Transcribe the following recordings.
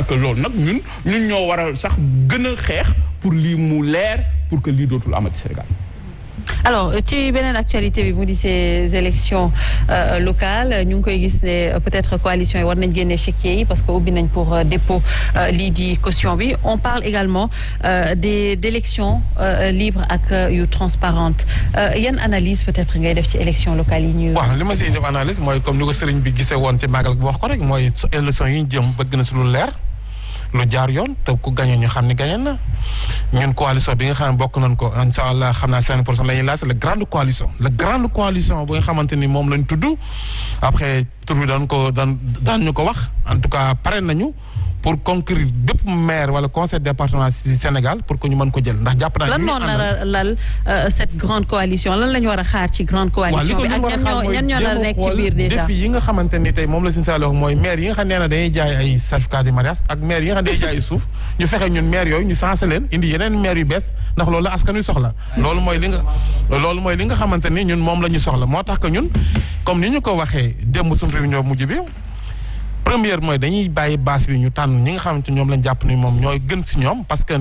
ak loolu nag ñun ñun ñoo waral sax gën xeex pour lii mu leer pour que lii dootul amati Sénégal. alors ci beneen actualité bi mu di ces élections euh, locales ñu ngi koy gis ne euh, peut-être coalition yi war nañ génne chéquier yi parce que ubbi nañ pour euh, dépôt lii di caution bi on parle également des d'élections libres ak yu transparentes yan analyse peut-être ngay def ci élections locales yi ñu waaw li ma bi gisee woon ci màggal bi wax ko rek mooy élection yi ñu jëm bëgg na si lu leer lu jaar yoon te ku gagné ñu xam ne gagné na ñun coalition bi nga xam ne bokk nañ ko incha allah xam naa cinq pour cent la ñuy la grande coalition la grande coalition bu nga xamante ni moom lañ tudd après tur bi daan ko daan daan ñu ko wax en tout cas pare nañu. pour conquérir bépp maire wala conseil département ci Sénégal pour que ñu mën ko jël ndax jàpp naa. lan moo nar euh, lan la ñu war a xaar ci nga xamante ni tey moom la suñu saalox mooy maire nga xam nee na de mariage ak maire yi nga xam ne dañuy jaay yooyu ñu sensé leen indi yeneen maire yu bees ndax loolu la askan wi soxla loolu mooy li nga loolu mooy li nga xamante ni ñun moom la ñu soxla moo tax que ñun comme ni ñu ko waxee démb suñu réunion mujj bi première mooy dañuy bàyyi baas bi ñu tànn ñi nga xamante ni moom ñooy gën si ñoom parce que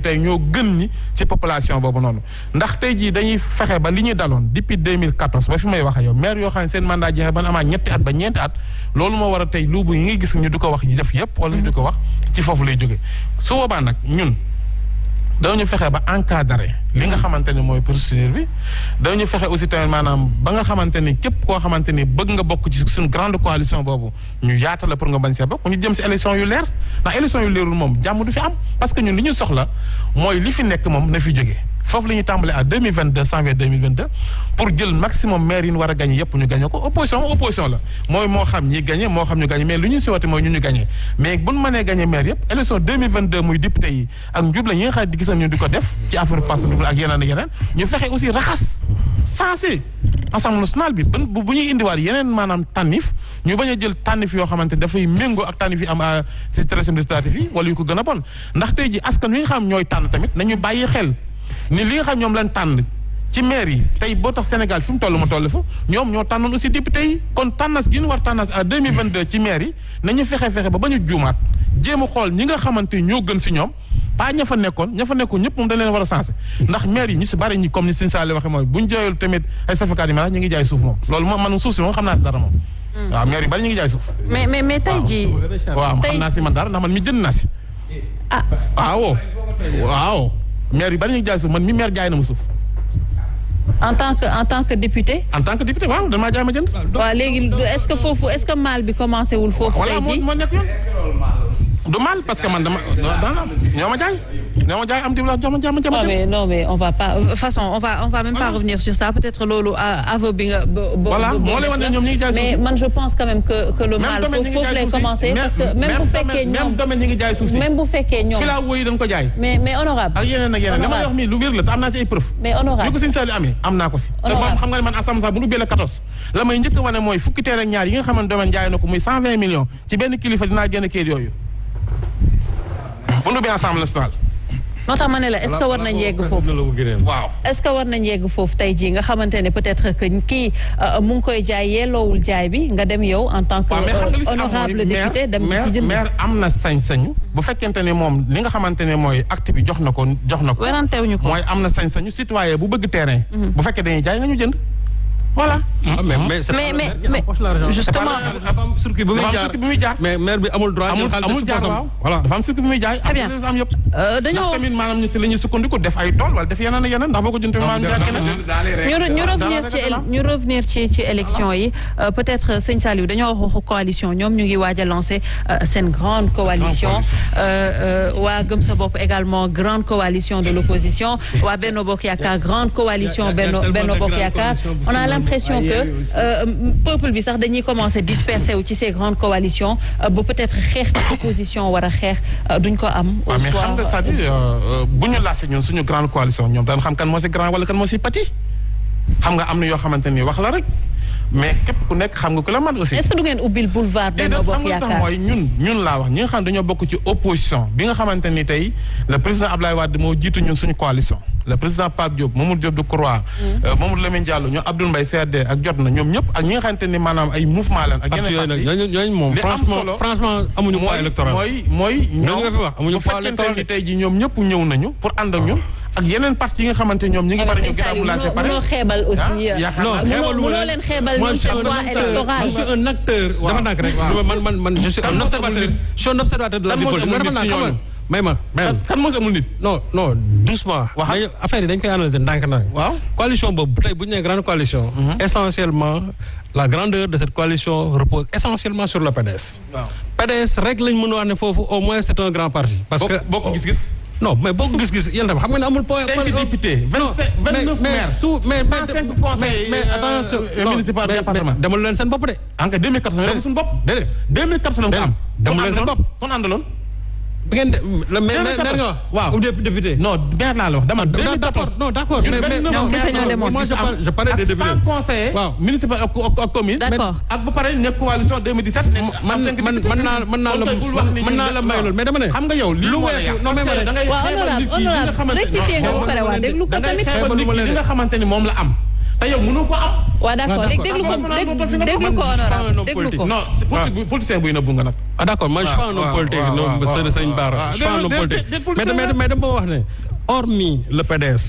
tey ñoo gën ñi ci population boobu noonu ndax tey jii dañuy fexe ba li ñu daloon depuis ba fi may wax yow maire yoo xam ne seen mandat jeexe ban amaat ñetti at ba ñeenti at loolu moo war a tey luubu yi nga gis ñu du ko ko wax yi def yëpp wala ñu di ko wax ci foofu lay jóge su boobaa nag ñun dañu fexe ba encadré li nga xamante ne mooy procédure bi dañu fexe aussi tamit maanaam ba nga xamante ni képp koo xamante ni bëgg nga bokk ci suñu grande coalition boobu ñu yaata la pour nga bañ see bokk ñu jëm si élection yu leer ndax élection yu leerul moom jàmm du fi am parce que ñun li ñu soxla mooy li fi nekk moom na fi jóge foofu la ñuy tàmbalee à deux mille vingt deux janvier deux mille pour jël maximum maire yi war a gagné yëpp ñu gagné ko opposition opposition la mooy moo xam ñi gagné moo xam ñu gagné mais lu ñu siwati mooy ñu ñu gagné mais bu ñu mënee gagné maire yëpp élection deux mille vingt deux muy député yi ak njubla yi nga xam ne gis nañu di ko def ci affaire passe double ak yeneen ak yeneen ñu fexe aussi raxas sensé assemblée nationale bi ban bu ñuy indiwaat yeneen maanaam tànnif ñu bañ a jël tànnif yoo xamante dafay méngoo ak tànnif yi am euh, ci treizième législative yi wala yu ko a bon ndax ji askan wi xam ñooy tànn tamit nañu bàyyi xel ni li nga xam ñoom lañ tànn ci maire yi tey boo tax Sénégal fi mu toll ma toll fa ñoom ñoo tànn tànnoon si député tey kon tànnas gi ñu war tànnas à 2022 maire yi nañu fexe-fexe ba ba ñu juumaat a xool ñi nga xamante ñoo gën si ñoom pas ña fa nekkoon ña fa nekkoon ñëpp moom dañ leen war a sensé ndax maire yi ñu si bari ñi comme ni Sine Sall waxee mooy bu ñu jaayul tamit ay safakat yi maanaam ñu ngi jaay suuf moom loolu moom man suuf si moom xam naa si dara moom hmm. waaw maire yu bari ñu ngi jaay suuf mais mais mais tey jii waaw xam naa si man dara ndax man mi jënd naa si ah waaw maire yu bari ñu jaay suuf man mi maire jaay na ma suuf. en tant que en tan que député. en tant que député waaw damaa jaay ma jënd. waaw léegi est-ce que foofu est mal bi commencé wul. foofu tey jii voilà moo nekk yoon. du mal parce que man dama ñoo ma jaay. mais non mais on va pas de toute façon on va on va même pas revenir sur ça peut-être loolu aveu bi nga mais man je pense quand même que que le mal foofu lay commencer parce que même bu fekkee ñoom domaine ñi ngi jaay suuf si même bu fekkee ñoom fi laa wóoyi dañ ko jaay mais mais honorable ak yeneen ak yeneen li ma wax nii lu wér la te am naa si ay preuve mais honorable ko sëñ Saliou amee am naa ko si te moom xam nga ne man asam sax bu ñu ubbee la 14 la may njëkk wane mooy fukki teer ak ñaar yi nga xam ne domaine jaay na ko muy 120 millions ci benn kilifa dinaa génn kayit yooyu bu ñu ubbee assemblée nationale moo ma ne la est-ce que war nañ yegg foofu waaw est-ce que war nañ yegg tey jii nga xamante ne peut-être que kii euh, euh, mu ngi koy jaay yeeloowul jaay bi nga dem yow en tant que honorable député dem ci jënd maire am na sañ-sañu bu fekkente ne moom li nga xamante ne mooy acte bi jox na ko jox na ko werantewuñu ko mooy am na sañ-sañu citoyen bu bëgg terrain mhm. bu fekkee dañuy jaay nga ñu jënd voilà. mais mais justement dafa am bu muy jaar mais maire bi amul droit. amul amul jaar waaw voilà dafa am circuit bu muy jaay. très bien am yëpp. dañoo tamit maanaam ñu si la ñuy def ay tool def yeneen ak ndax boo ko jëndee maanaam jaar keneen. ñu revenir ci élection yi peut-être sëñ Saliou dañoo wax waxu coalition ñoom ñu ngi waaj a lancer seen grande coalition. waa Gëm sa bopp également grande coalition de l'opposition waa Benno Bokk Yaakaar grande coalition Benno Bokk Yaakaar on a l'impression ah, que euh, peuple bi sax dañuy commencer disperser wu ci ces grandes coalitions euh, ba peut-être xeex opposition war a xeex euh, duñ ko am. waaw ah, nga c'est-à-dire bu ñu laasee ñun suñu grande coalition ñoom daan xam kan moo si grand wala kan moo si petit xam nga am na yoo xamante ni wax la rek. mais képp ku nekk xam nga ku la man aussi. est-ce que du ngeen ubbil boulevard. dañoo bokk yaakaar tax mooy ñun ñun laa wax ñi nga xam dañoo bokk ci opposition bi nga xamante ni tey le président Ablaye Wade moo jiitu ñun suñu coalition. le président Pape Diop Mamadou Diop Decroix. Mm. Euh, Mamadou Lamine Diallo ñoo Abdoul Mbaye CRD ak jot na ñoom ñëpp ak ñi nga xamante ni maanaam ay mouvement lan ak yeneen parti ñooñu moom franchement franchement amuñu poids électoral mooy mooy ñoom bu fekkente ji ñoom ñëpp ñëw nañu pour ànd ak ñun ak yeneen parti yi nga xamante ñoom ñi ngi bari ñu gën a placer pare mënoo xeebal ah, aussi euh, leen xeebal ñoom seen droit électoral dama nak rek man man man je ma kan moo si amul nit non non doucement waaw affaire yi dañ koy analyser ndànk na coalition boobu tey bu ñu nee grande coalition mhm. essentiellement la grandeur de cette coalition repose essentiellement sur le PDS waaw rek lañ mën a ne foofu au moins c'est grand parti parce que bokk gis-gis non mais boo ko gis-gis yéen tam xam nga ne amul point. cinq députés vingt sept vingt neuf maires leen seen bopp de. en tout cas deux mille quatre cent. déedéet suñu bopp. déedéet deux mille quatre cent la ko am. bopp bi ngeen le waaw député. non maire laa dama. 2014 ah, non d' accord mais mais ñoom kese ñoo ak 100 conseillers. waaw municipal ak commune. d' ak ba pare nekk coalition 2017. nekk am na man naa la may loolu mais dama ne. xam nga yow li mu war a yàq parce que da ngay xeebal nit ki li nga xamante ne. waaw honorable rectifié nga ba pare waa déglu ko tamit. da ngay xeebal nit ki li nga xamante ni moom la am. te yow mënoo ko am. déglu ko déglu ko honorable déglu ko. non politicien buy nga nag. ah d'accord man je suis pas un homme politique. waaw waaw waaw sëñ Bara je suis pas un homme politique. mais mais dama wax ne hormis le PDS.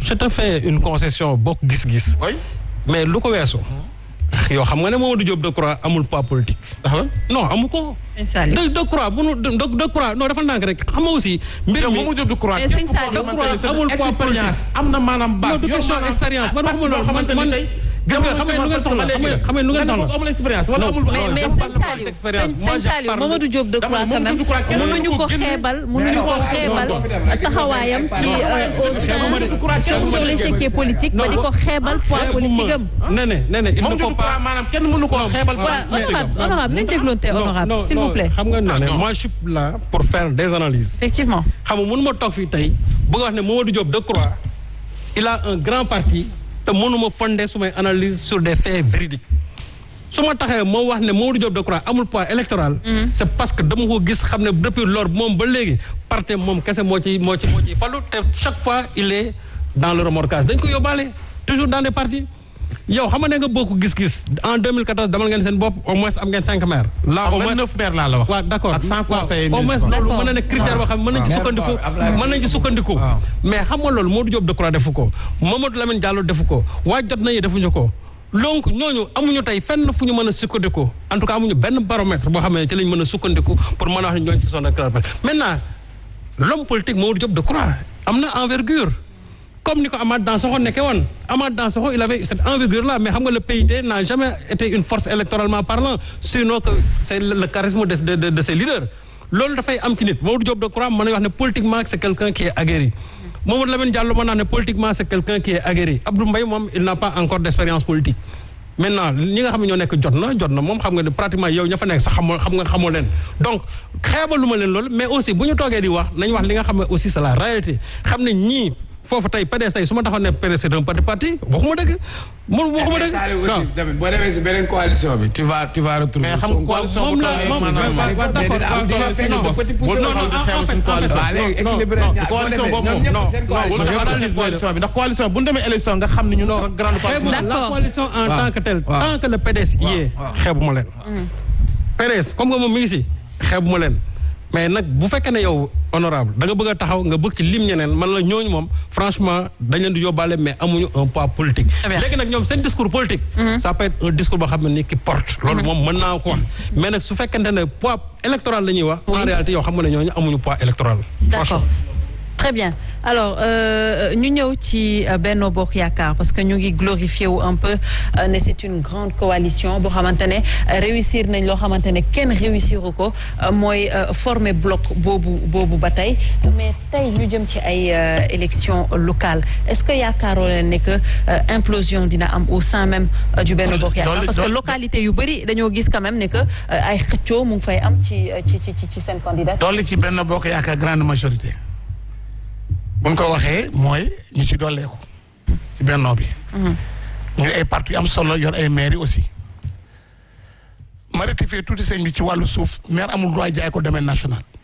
je te fais une concession bokk gis-gis. mais lu ko weesu. ndax xam nga ne Mamadou Diop Decroix amul poids politique. Ah non amu ko. incha allah de Decroix bu nu Decroix non dafa ndànk rek xam nga aussi. mbir mi Mamadou amul poids am na maanaam base. yor maanaam expérience man waxuma loolu man xam nga lu ngeen soxla xam nga lu ngeen soxla amul expérience wala amul mais sëñ Saliou sëñ Saliou Mamadou Diop Decroix quand même mënuñu ko xeebal mënuñu ko xeebal taxawaayam ci euh, au sein sur l'échiquier politique ba di ko xeebal poids politique am ne ne ne ne il ne faut pas maanaam kenn mënu ko xeebal honorable honorable nañ ne ne moi pour faire des analyses effectivement xam nga mënu ma toog fii tey bëgg wax ne Mamadou Diop Decroix il a un grand parti te mënuma fonder sumay analyse sur des faits véridiques su ma taxee moo wax ne moo Mamadou Diop Decroix amul poids électoral mm-hmm. c' parce que dama ko gis xam ne depuis lors moom ba léegi partie moom kese moo ci moo ci moo ci fallu te chaque fois il est dans le remorquage dañ ko yóbbaale toujours dans les partis yow xam nga ne nga bokk gis-gis en 2014 damal ngeen seen bopp au moins am ngeen cinq maires. là au moins neuf maires laa d' accord ak cent conseillers au moins loolu mën nañ ci sukkandiku mën nañ ci sukkandiku mais xam nga loolu Modou Diop Decroix defu ko Mamadou Lamine Diallo defu ko waa jot na yi defuñu ko donc ñooñu amuñu tey fenn fu ñu mën a sukkandiku en tout cas amuñu benn baromètre boo xam ne ci lañ mën a sukkandiku pour mën a wax ne ñooñu si son maintenant l'homme politique Modou Diop am na envergure comme ni ko Amath Dansokho nekkee woon Amath Dansokho il avait cette envergure là mais xam nga le PIT n'a jamais été une force électoralement parlant sinon que c'est le charisme de de leaders loolu dafay am ci nit Mamadou wax ne politiquement c'est quelqu'un qui est aguerri Mamadou Lamine Diallo mën naa ne politiquement c'est quelqu'un qui est aguerri Abdou Mbaye moom il n'a pas encore d'expérience politique. maintenant ñi nga xam ne ñoo nekk jot na jot na foofu tey PDS tey su ma taxoon ne PDS c'est un parti parti waxuma dëgg. coalition bi. tu vas tu vas retrouver son coalition moom coalition bu ñu demee élection nga xam ne ñu non grande coalition en tant que telle tant que le PDS y est comme que moom mi ngi si mais nag bu fekkee ne yow honorable da nga bëgg taxaw nga bëgg ci lim ñeneen man la ñooñu moom franchement dañ leen di yóbbaale mais amuñu un poids politique. léegi nag ñoom seen discours politique. Mhm. ça peut un discours boo xam ne ni ki porte. loolu mhm. moom mën naa ko wax. Mhm. mais nag su fekkente ne poids électoral la ñuy wax. en réalité yow xam nga ne ñooñu amuñu poids électoral. d'accord très bien alors euh, ñu ñëw ci euh, Benno Bokk Yaakaar parce que ñu ngi glorifier wu un peu euh, ne c'est une grande coalition boo xamante ne réussir nañ loo xamante ne kenn réussiru ko mooy former bloc boobu boobu ba tey mais tey ñu jëm ci ay élections locale est-ce que yaakaaroo leen ne que implosion dina am au sein même du Benno Bokk Yaakaar parce que localité yu bëri dañoo gis quand même ne que ay xëccoo mu ngi fay am ci ci ci ci seen candidat dolli ci Benno Bokk Yaakaar grande majorité bu buñ ko waxee mooy ñu ci dolleeku ko bennoo bi mhm. ñu ay parti am solo yor ay maire aussi ma rectifier tuuti sëñ bi ci wàllu suuf maire amul droit jaay ko domaine national